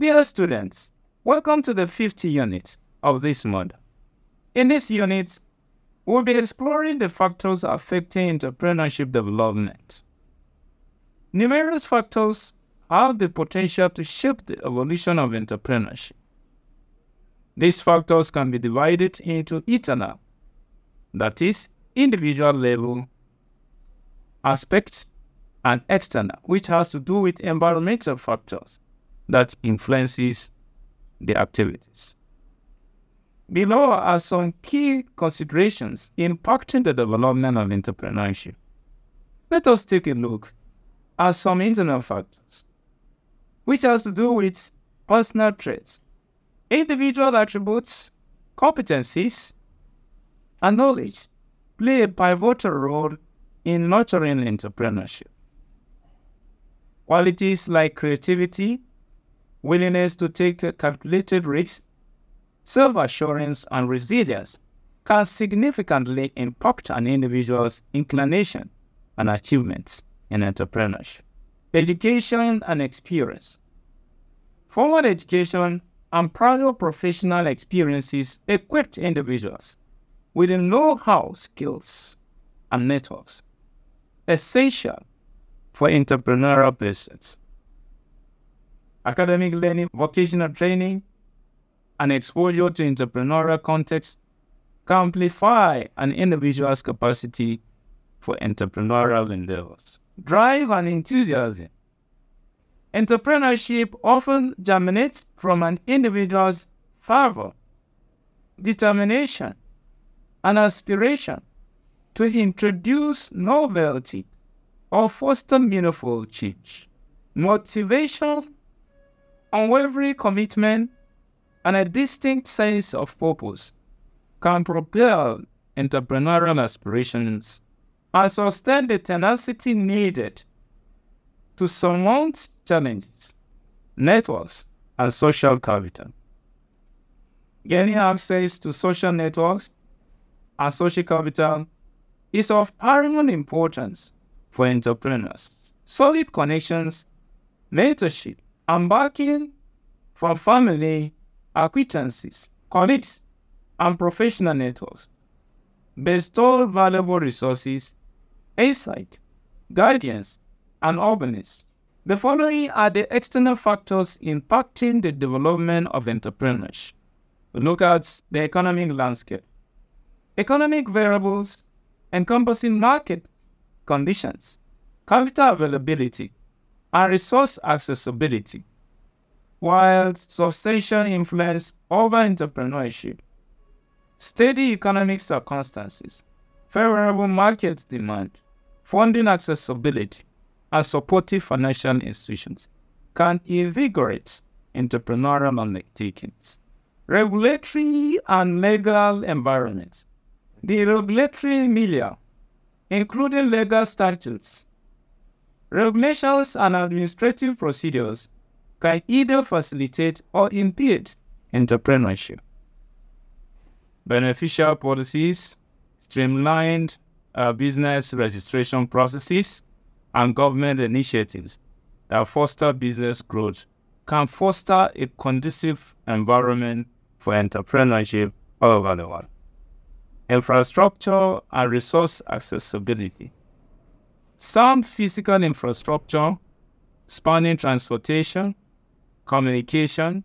Dear students, welcome to the 50 unit of this module. In this unit, we'll be exploring the factors affecting entrepreneurship development. Numerous factors have the potential to shape the evolution of entrepreneurship. These factors can be divided into internal, that is, individual level aspect, and external, which has to do with environmental factors that influences the activities. Below are some key considerations impacting the development of entrepreneurship. Let us take a look at some internal factors, which has to do with personal traits, individual attributes, competencies, and knowledge play a pivotal role in nurturing entrepreneurship. Qualities like creativity, willingness to take calculated risks, self assurance, and resilience can significantly impact an individual's inclination and achievements in entrepreneurship. Education and experience. Formal education and prior professional experiences equip individuals with the know how, skills, and networks essential for entrepreneurial pursuits academic learning, vocational training, and exposure to entrepreneurial contexts can amplify an individual's capacity for entrepreneurial endeavors. Drive and enthusiasm. Entrepreneurship often germinates from an individual's fervor, determination, and aspiration to introduce novelty or foster meaningful change. Motivation unwavering commitment, and a distinct sense of purpose can propel entrepreneurial aspirations and sustain the tenacity needed to surmount challenges, networks, and social capital. Gaining access to social networks and social capital is of paramount importance for entrepreneurs. Solid connections, mentorship, embarking from family acquaintances, colleagues, and professional networks, bestow valuable resources, insight, guidance, and openness. The following are the external factors impacting the development of entrepreneurship. Look at the economic landscape. Economic variables encompassing market conditions, capital availability, and resource accessibility, while substantial influence over entrepreneurship, steady economic circumstances, favorable market demand, funding accessibility, and supportive financial institutions can invigorate entrepreneurial undertakings. Regulatory and legal environments. The regulatory milieu, including legal statutes, Regulations and administrative procedures can either facilitate or impede entrepreneurship. Beneficial policies, streamlined uh, business registration processes, and government initiatives that foster business growth can foster a conducive environment for entrepreneurship all over the world. Infrastructure and resource accessibility some physical infrastructure spanning transportation, communication,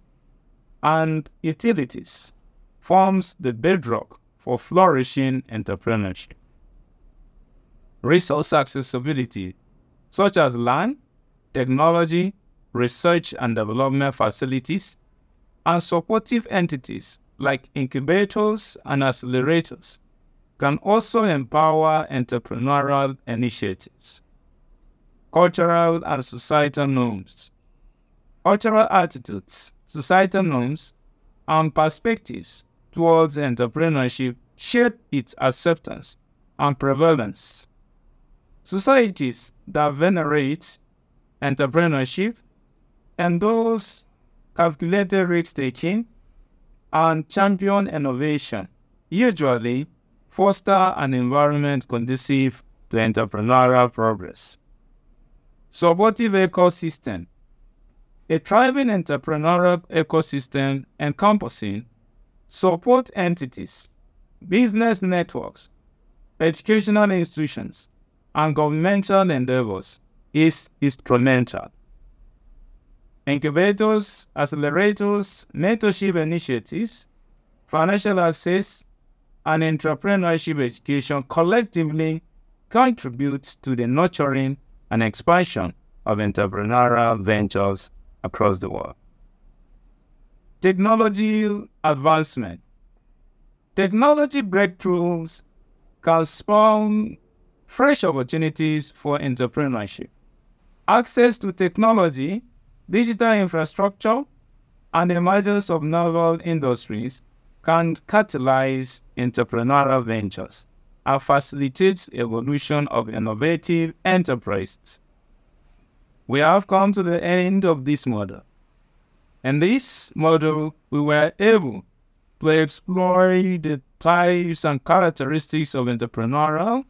and utilities forms the bedrock for flourishing entrepreneurship. Resource accessibility, such as land, technology, research and development facilities, and supportive entities like incubators and accelerators can also empower entrepreneurial initiatives. Cultural and societal norms. Cultural attitudes, societal norms, and perspectives towards entrepreneurship shape its acceptance and prevalence. Societies that venerate entrepreneurship and those calculated risk taking and champion innovation usually foster an environment conducive to entrepreneurial progress. Supportive ecosystem. A thriving entrepreneurial ecosystem encompassing support entities, business networks, educational institutions, and governmental endeavors is instrumental. Incubators, accelerators, mentorship initiatives, financial access, and entrepreneurship education collectively contributes to the nurturing and expansion of entrepreneurial ventures across the world. Technology advancement. Technology breakthroughs can spawn fresh opportunities for entrepreneurship. Access to technology, digital infrastructure, and the emergence of novel industries can catalyze entrepreneurial ventures and facilitates evolution of innovative enterprises. We have come to the end of this model. In this model, we were able to explore the types and characteristics of entrepreneurial,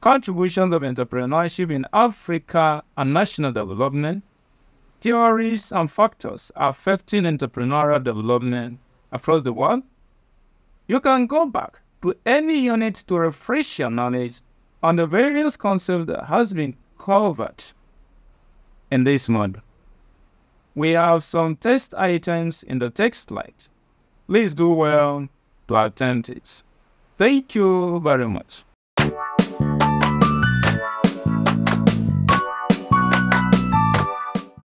contributions of entrepreneurship in Africa and national development, theories and factors affecting entrepreneurial development, across the world, you can go back to any unit to refresh your knowledge on the various concepts that has been covered in this module. We have some test items in the text slide. Please do well to attend it. Thank you very much.